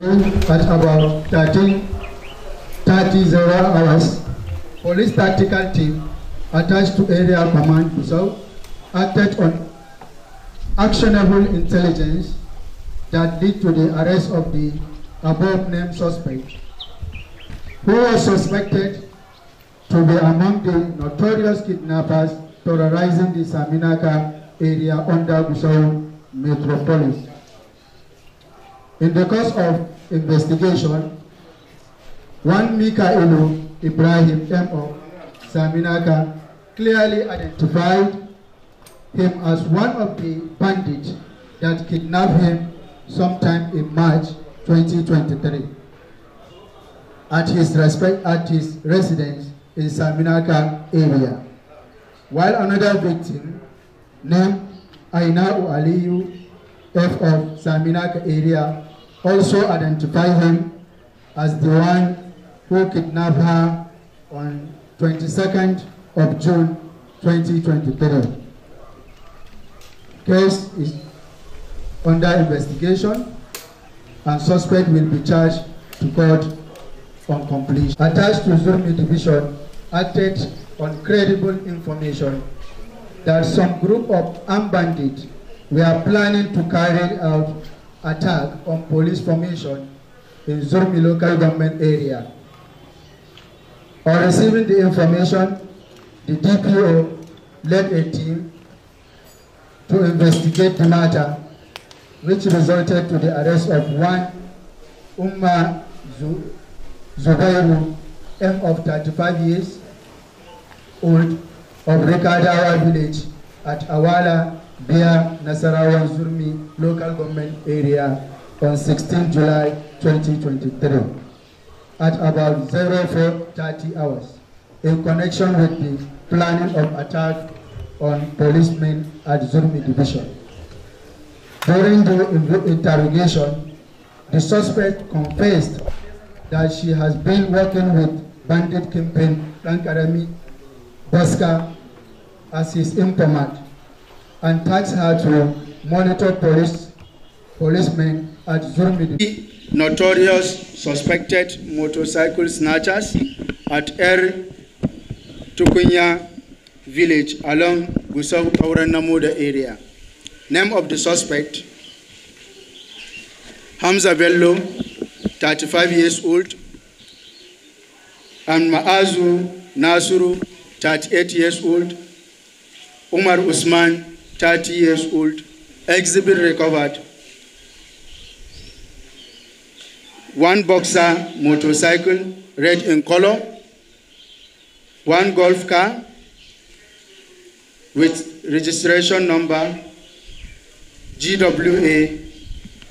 at about 13.30 hours, police tactical team attached to Area Command Busau acted on actionable intelligence that led to the arrest of the above-named suspect, who was suspected to be among the notorious kidnappers terrorizing the Saminaka area under Busau metropolis. In the course of investigation, one Mikaelu Ibrahim M. O. Saminaka clearly identified him as one of the bandits that kidnapped him sometime in March 2023 at his, respect, at his residence in Saminaka area, while another victim named Ainau Aliyu F of Saminaka area also identify him as the one who kidnapped her on 22nd of June 2023. Case is under investigation and suspect will be charged to court on completion. Attached to Zurmi Division acted on credible information that some group of armed bandits were planning to carry out attack on police formation in Zurmi local government area. On receiving the information, the DPO led a team to investigate the matter, which resulted to the arrest of one Umma Zubairu, M of 35 years old, of Rekadawa village at Awala, Bia Nasarawa Zurmi local government area on 16 July 2023 at about 04:30 hours in connection with the planning of attack on policemen at Zurmi division. During the interrogation, the suspect confessed that she has been working with bandit kingpin Rankarami Basca, as his informant and tasked her to monitor police, policemen at Zurmid. Notorious suspected motorcycle snatchers at Er Tukunya village along Gusau Kauranamuda area. Name of the suspect Hamza Bello, 35 years old, and Maazu Nasuru, 38 years old, Umar Usman, 30 years old, exhibit recovered. One boxer motorcycle, red in color, one golf car with registration number GWA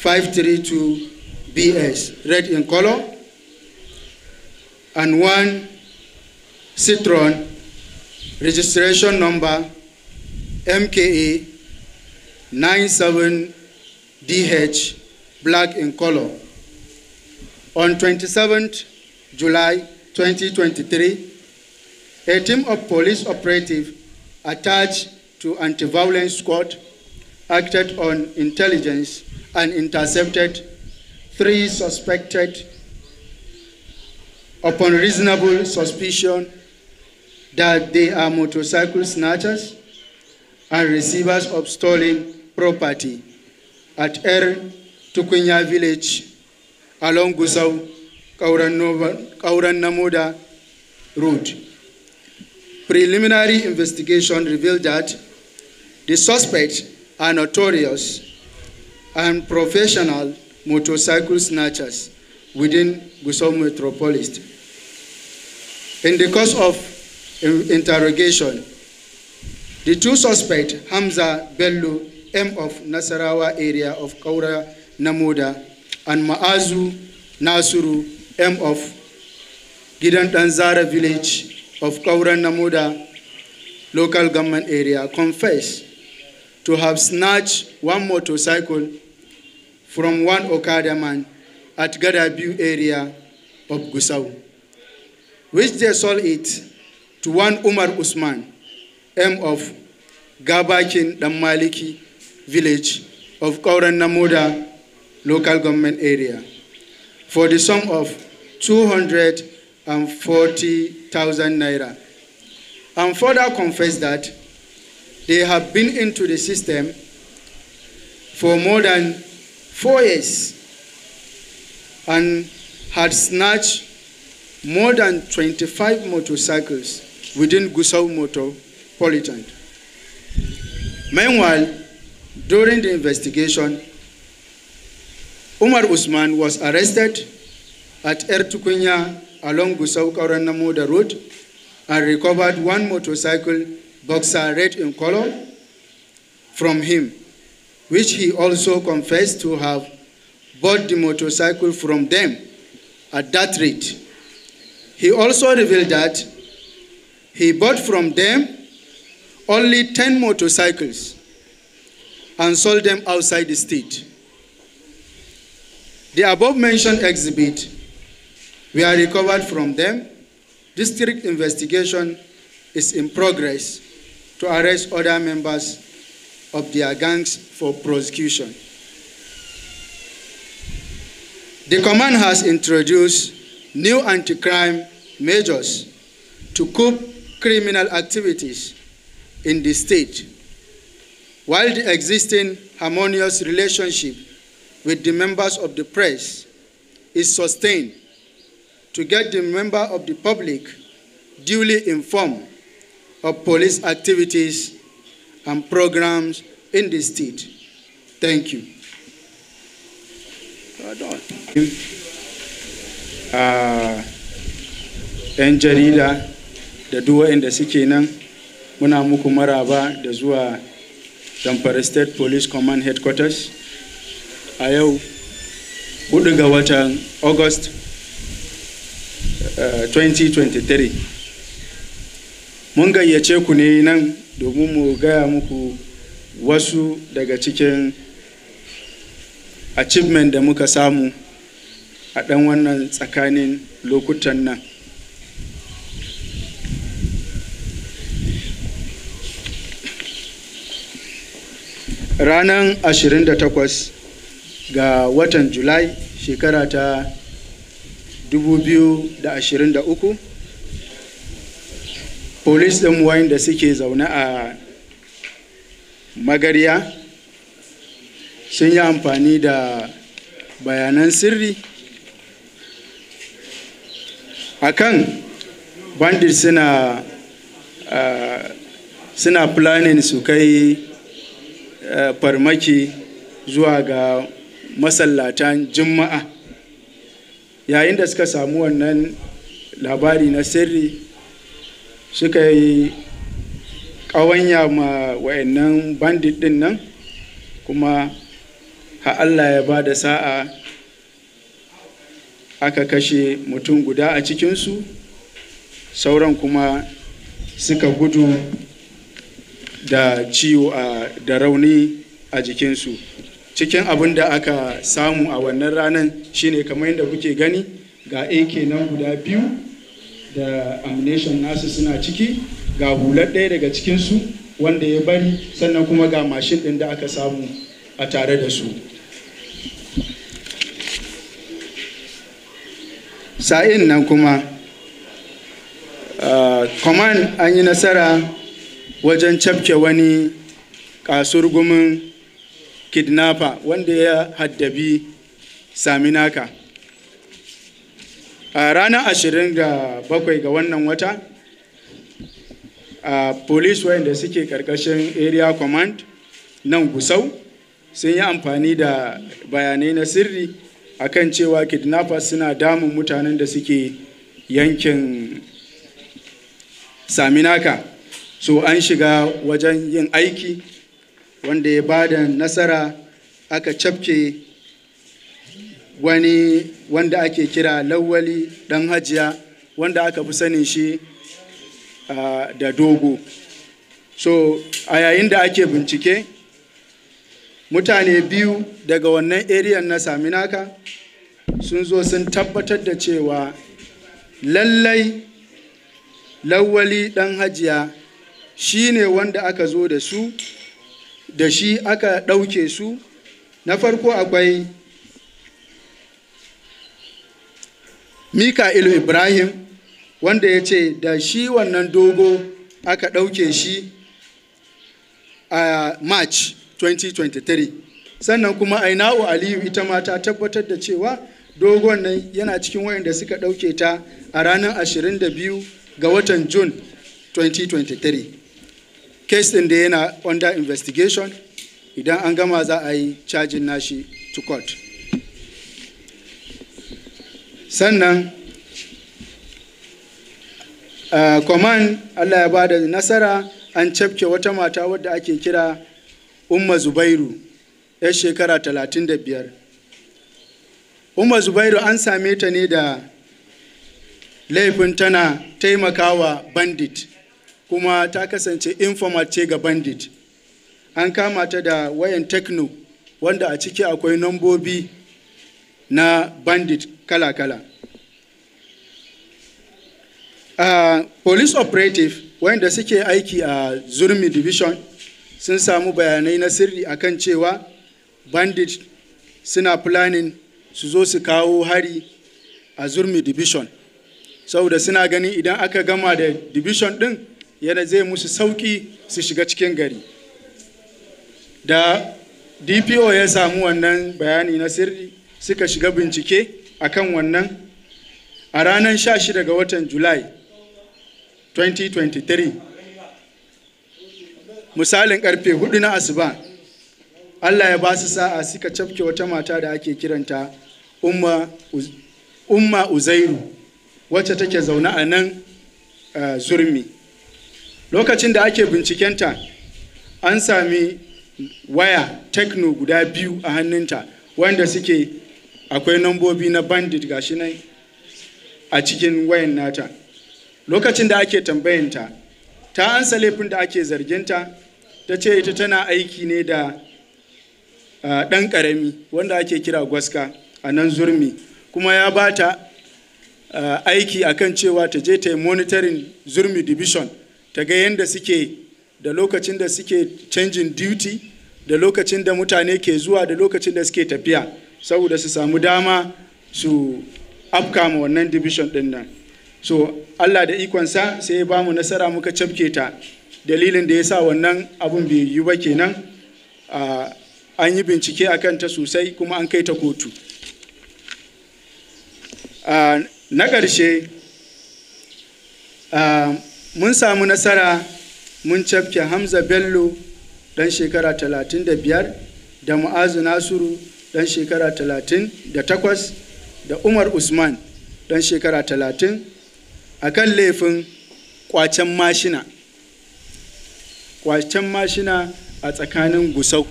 532BS, red in color, and one Citroen registration number MKA 97DH black in color. On 27th July 2023, a team of police operatives attached to anti-violence squad acted on intelligence and intercepted three suspected upon reasonable suspicion that they are motorcycle snatchers and receivers of stolen property at Er Tukunya village along Gusau Kauranamuda road. Preliminary investigation revealed that the suspects are notorious and professional motorcycle snatchers within Gusau metropolis. In the course of interrogation, the two suspects, Hamza Bello, M of Nasarawa area of Kaura Namuda, and Maazu Nasuru, M of Gidantanzara village of Kaura Namuda local government area, confessed to have snatched one motorcycle from one Okada man at Gadabu area of Gusau, which they sold it to one Umar Usman, M of Gabakin Dammaliki village of Kauran Namuda local government area for the sum of 240,000 naira. And further confess that they have been into the system for more than four years and had snatched more than 25 motorcycles within Gusau Motor Polytide. Meanwhile, during the investigation, Umar Usman was arrested at Ertukunya along Gusau Kauranamuda Road and recovered one motorcycle boxer red in color from him, which he also confessed to have bought the motorcycle from them at that rate. He also revealed that he bought from them only 10 motorcycles and sold them outside the state. The above-mentioned exhibit we are recovered from them. District investigation is in progress to arrest other members of their gangs for prosecution. The command has introduced new anti-crime measures to cope criminal activities in the state. While the existing harmonious relationship with the members of the press is sustained to get the member of the public duly informed of police activities and programs in the state. Thank you. Uh, ah, 'yan jarida da duwa inda suke nan muna muku maraba da zuwa Zamfara State Police Command Headquarters a yau 4 ga watan August 2023. Eh, Mun gayyace ku ne nan domin mu gaya muku wasu daga cikin achievement da muka samu a ɗan wannan tsakanin lokutan nan. ranar 28 ga watan julai shekara ta 2023 polis ɗin wayanda suke zaune a magarya sun yi amfani da bayanan sirri akan bandit suna uh, suna planning su kai Eh, farmaki zuwa ga masallatan juma'a yayin da suka samu wannan labari na sirri suka yi ƙawanya ma wayannan bandit din nan kuma ha Allah ya ba da sa'a aka kashe mutum guda a cikinsu sauran kuma suka gudu da ciwo da rauni a jikinsu cikin abin da aka samu a wannan ranar shine kamar yadda kuke gani ga ak nan guda biyu da ammunition nasu suna ciki ga hular ɗaya daga cikinsu wanda ya bari sannan kuma ga mashin ɗin da aka samu a tare da su sa'in nan kuma uh, command an yi nasara wajen cafke wani kasurgumin kidnapper wanda ya haddabi saminaka a ranar ashirin ga bakwai ga wannan wata a police wayanda suke karkashin area command nan gusau sun yi amfani da bayanai na sirri akan cewa kidnappers suna damun mutanen da suke yankin saminaka so an shiga wajen yin aiki wanda ya ba da nasara aka cafke wani wanda ake kira lawali dan hajiya wanda aka fi sanin shi da dogo so a yayin da ake bincike mutane biyu daga wannan eriyan na saminaka sun zo sun tabbatar da cewa lallai lawali dan hajiya shi ne wanda aka zo da su da shi aka ɗauke su na farko akwai mika'ilu ibrahim wanda ya ce da shi wannan dogo aka ɗauke shi a march 2023 sannan kuma aina'u aliyu ita ma ta tabbatar da cewa dogon nan yana cikin wayanda suka ɗauke ta a ranar 22 ga watan june 2023 case ɗin da yana under investigation idan an gama za a yi cajin nashi to court sannan uh, command allah ya ba da nasara an cafke wata mata wadda ake kira umma zubairu 'yar shekara 35 umma zubairu an same ta ne da laifin tana taimakawa bandit kuma ta kasance informal ce ga bandit an kama ta da wayan tekno wanda a ciki akwai nambobi na bandit kala-kala uh, police operative wanda suke aiki a uh, zurmi division sun samu bayanai na sirri akan cewa bandit suna planning su zo su kawo hari a zurmi division saboda suna ganin idan aka gama da division din yana zai musu sauƙi su shiga cikin gari da dpo ya samu wannan bayani na sirri suka shiga bincike a kan wannan a ranar 16 ga watan july 2023 misalin karfe 4 na asuba allah ya ba su sa'a suka cafke wata mata da ake kiranta umma, umma uzairu wacce take zaune a nan uh, zurmi lokacin da ake bincikenta an sami waya tekno guda biyu a hannunta wanda suke akwai nambobi na bandit gashi nan a cikin wayan nata lokacin da ake tambayanta ta ansa laifin da ake zarginta ta ce ita tana aiki ne da ɗan ƙarami wanda ake kira gwaska a nan zurmi kuma ya ba ta aiki akan cewa ta je ta yi monitoring zurmi division ta ga yadda suke da lokacin da suke canjin duty da lokacin da mutane ke zuwa da lokacin da suke tafiya saboda su samu dama su afka ma wannan division din nan so allah da ikonsa sai ya bamu nasara muka cafke ta dalilin da ya sa wannan abun bai yi ba kenan an yi bincike a kanta sosai kuma an kai ta kotu na ƙarshe mun samu nasara mun cafke hamza bello dan shekara 35 da mu'azu nasiru dan shekara 38 da umar usman dan shekara 30 a kan laifin kwacen mashina kwacen mashina a tsakanin gusau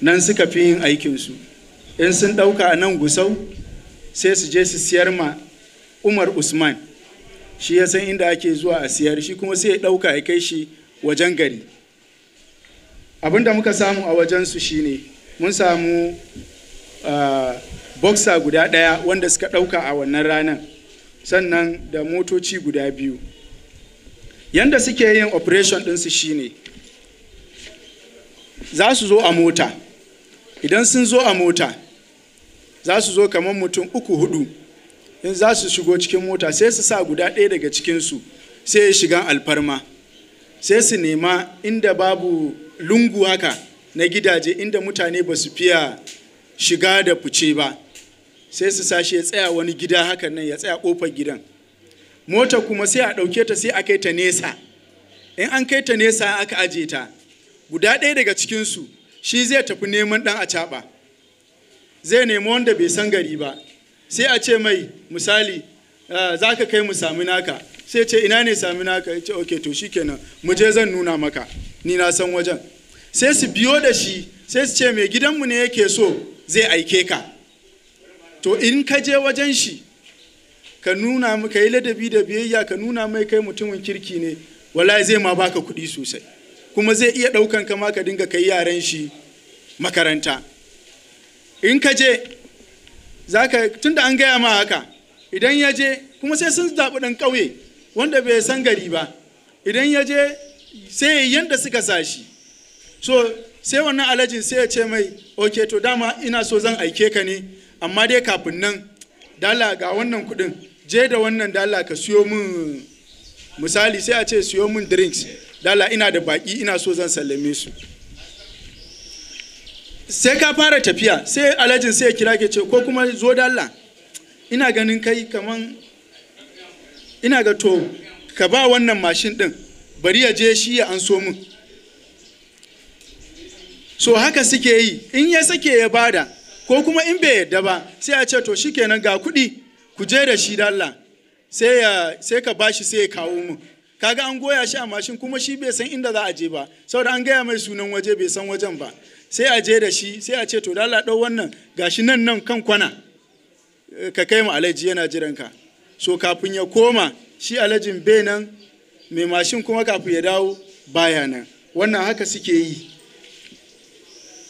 nan suka fi yin aikinsu in sun ɗauka a nan gusau sai su je su siyar ma umar usman shi ya san inda ake zuwa a siyar shi kuma sai ya ɗauka ya kai shi wajen gari abin da muka samu a wajen wajensu shine mun samu boxer guda ɗaya wanda suka ɗauka a wannan ranar sannan da motoci guda biyu yanda suke yin operation ɗinsu shine za su zo a mota idan sun zo a mota za su zo kamar mutum uku hudu in za su shigo cikin mota sai su sa guda ɗaya daga cikinsu sai ya shiga alfarma sai su nema inda babu lungu haka na gidaje inda mutane ba su fiya shiga da fice ba sai su shi ya tsaya wani gida hakan nan ya tsaya kofar gidan mota kuma sai a ɗauke ta sai a kai ta nesa in an kai ta nesa aka aje ta guda ɗaya daga cikinsu shi zai tafi neman ɗan a caɓa zai nemi wanda bai san gari ba sai a ce mai misali za ka kai mu sami naka sai ce ina ne sami naka ya ce oke to shi kenan mu je zan nuna maka ni na san wajen sai su biyo da shi sai su ce mai gidanmu ne yake so zai aike ka to in ka je wajen shi ka nuna ka yi ladabi da biyayya ka nuna mai kai mutumin kirki ne wala zai ma baka kuɗi sosai kuma zai iya ɗaukan ka ma ka dinga kai yaran shi makaranta in ka je zaka tunda an gaya ma haka idan ya je kuma sai sun zaɓi ɗan ƙauye wanda bai san gari ba idan ya je sai ya yanda suka sa shi so sai wannan alajin sai ya ce mai ok to dama ina so zan aike ka ne amma dai kafin nan dala ga wannan kuɗin je da wannan dala ka siyo min misali sai a ce siyo min drinks dala ina da baƙi ina so zan sallame su sai ka fara tafiya sai alhajin sai ya kira ke ce ko kuma zo da Allah ina ganin kai kaman ina ga to ka ba wannan mashin din bari ya je shi ya anso min so haka suke yi in ya sake ya bada ko kuma in bai yadda ba sai a ce to shikenan ga kuɗi ku je da shi da Allah sai ya sai ka bashi sai ya kawo mu kaga an goya shi a mashin kuma shi bai san inda za a je ba saboda an gaya mai sunan waje bai san wajen ba sai a je da shi sai a ce to da Allah wannan gashi nan nan kan kwana eh, ka kai mu alaji yana jiranka ka so kafin ya koma shi alajin nan mai mashin kuma kafin ya dawo baya nan wannan haka suke yi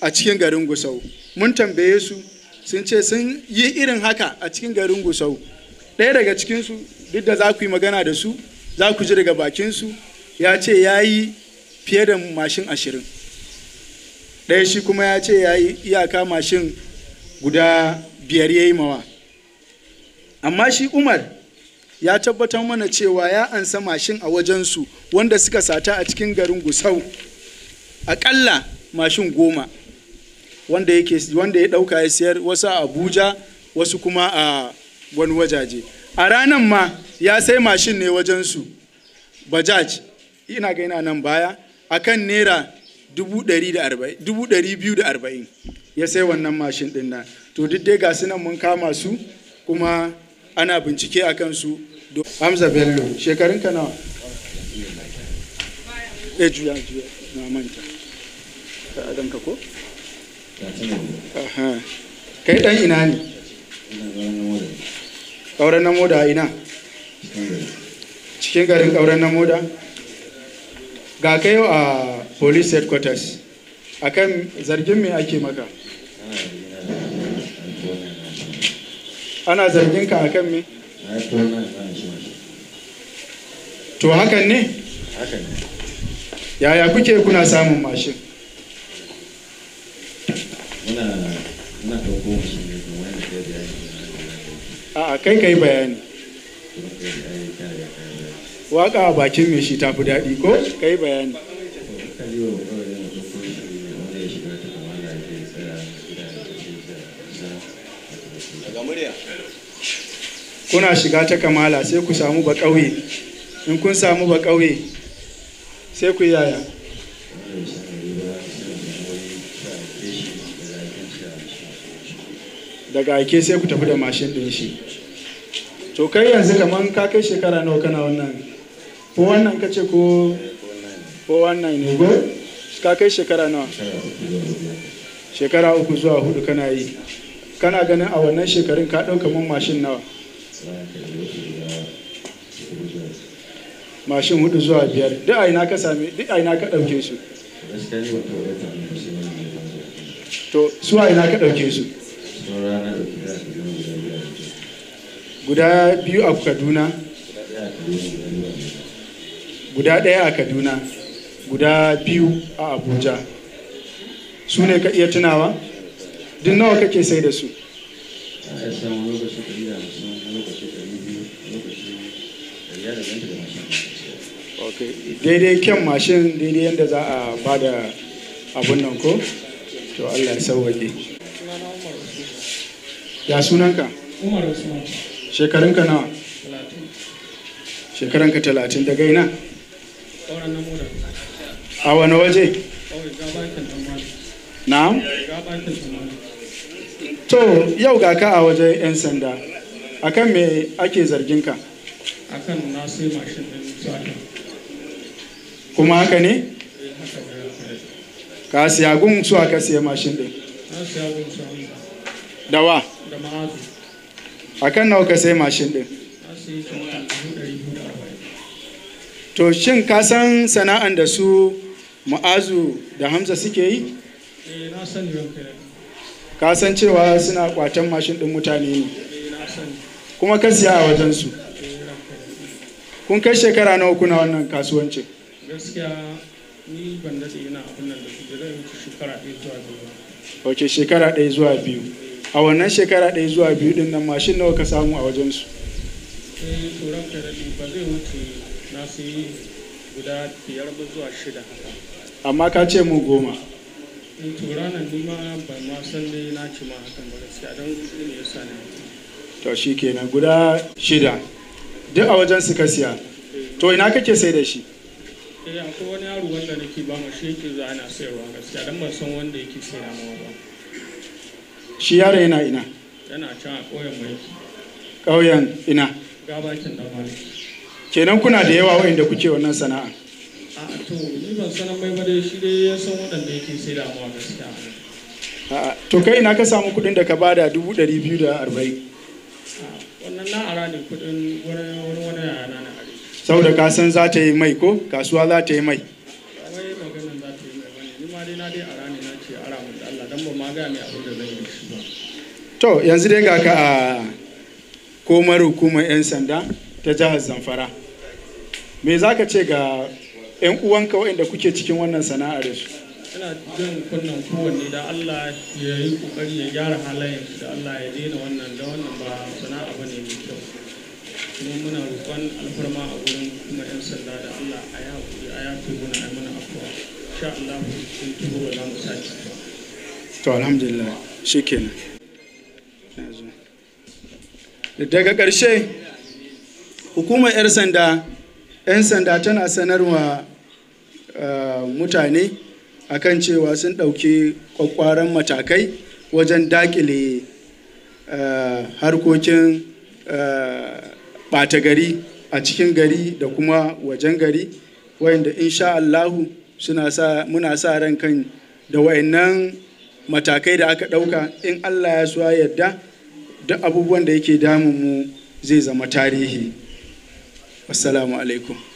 a cikin garin gusau mun tambaye su sun ce sun yi irin haka a cikin garin gusau ɗaya daga cikinsu duk da za ku yi magana da su za ku ji daga bakin su ya ce ya yi fiye da mashin ashirin ɗaya shi kuma ya ce ya yi iyaka mashin guda biyar ya yi mawa amma shi umar ya tabbatar mana cewa ya ansa mashin a wajensu wanda suka sata a cikin garin gusau aƙalla mashin goma wanda ya ɗauka ya siyar wasu a abuja wasu kuma a wani wajaje a ranar ma ya sai mashin ne wajensu bajaj ina ga yana nan baya akan naira 240 ya sai wannan mashin din nan to duk dai ga nan mun kama su kuma ana bincike a kansu hamza bello shekarun ka nawa e juya juya na manta ka adam ka ko kai dan ina ne ƙauren namo moda ina cikin garin ƙauren namo moda ga kai a police headquarters akan zargin me ake maka ana zargin ka akan me to hakan ne yaya kuke kuna samun mashin a kai kai bayani waka a bakin me shi tafi daɗi ko kai bayani kuna shiga ta kamala sai ku samu ba ƙauye in kun samu ba ƙauye sai ku yaya daga ake sai ku tafi da mashin ɗin shi to kai yanzu kamar ka kai shekara nawa kana wannan ko wannan ka ce ko ko wannan ne ka kai shekara nawa shekara uku zuwa hudu kana yi kana ganin a wannan shekarun ka ɗauka mun mashin nawa mashin hudu zuwa biyar duk a ina ka same duk a ina ka ɗauke su to su a ina ka ɗauke su guda biyu a kaduna guda ɗaya a kaduna guda biyu a abuja su ne ka iya tunawa duk nawa kake sai da su daidai kyan mashin daidai yadda za a ba da abun nan ko to allah sauwaƙe ya sunanka umar usman shekarunka nawa shekarunka talatin daga ina a wani waje na to yau ga ka a waje 'yan sanda akan me ake zargin ka akan na sai mashin din kuma eh, haka ne ka siya gun su aka siya mashin din dawa da ma'azu akan nawa ka sai mashin din to shin ka san sana'an da su ma'azu da hamza suke yi eh, ka san cewa suna kwatan mashin ɗin mutane ne eh, kuma ka siya a wajensu eh, kun kai shekara nawa kuna wannan kasuwancin gaskiya ni ban da su shekara ɗaya zuwa biyu ok shekara ɗaya zuwa biyu a wannan shekara ɗaya zuwa biyu din nan mashin nawa ka samu a wajensu tsoron ba zai wuce na su yi guda biyar zuwa shida haka amma ka ce mu goma to tura na, ba ma san dai na ci ma hakan ba a don ne ya sa ne Ta shi kenan guda shida duk a wajen su kasiya siya eh. to ina kake sai da shi eh akwai wani yaro wanda nake ba ma shi yake za ana sayarwa gaskiya dan ban san wanda yake sayar ma ba shi yaro yana ina yana can a ƙauyen mai ƙauyen ina gabakin da kenan kuna da yawa waɗanda kuke wannan sana'a to ni ban sanin shi dai ya san waɗanda yake sai da amma gaskiya to kai ina ka samu kuɗin da ka bada dubu dari biyu da arba'in wannan na ara ne kuɗin wani wani wani yana na are saboda ka san za ta yi mai ko kasuwa za ta yi mai wai maganin za ta yi mai bane ni ma dai na dai ara ne na ce ara mun da Allah dan ba ma ga mai abin da zan yi shi ba to yanzu dai ga ka a komar hukumar 'yan sanda ta jihar zamfara me za ka ce ga 'yan uwanka waɗanda kuke cikin wannan sana'a da su ina jin kunnan kowanne da Allah ya yi kokari ya gyara halayen da Allah ya daina wannan da wannan ba sana'a bane mai kyau kuma muna roƙon alfarma a gurin kuma 'yan sanda da Allah a ya hakuri a ya tuba na mana afuwa sha Allah sun tuba ba za mu sake to alhamdulillah shikenan daga ƙarshe hukumar 'yan sanda 'yan sanda tana sanarwa Eh, mutane a kan cewa sun ɗauki kwakwaran matakai wajen dakile eh, harkokin eh, ɓata gari a cikin gari da kuma wajen gari wayanda insha Allahu sa muna sa ran kan da wayannan matakai da aka ɗauka in Allah ya suwa yadda da abubuwan da yake damun zai zama tarihi assalamu alaikum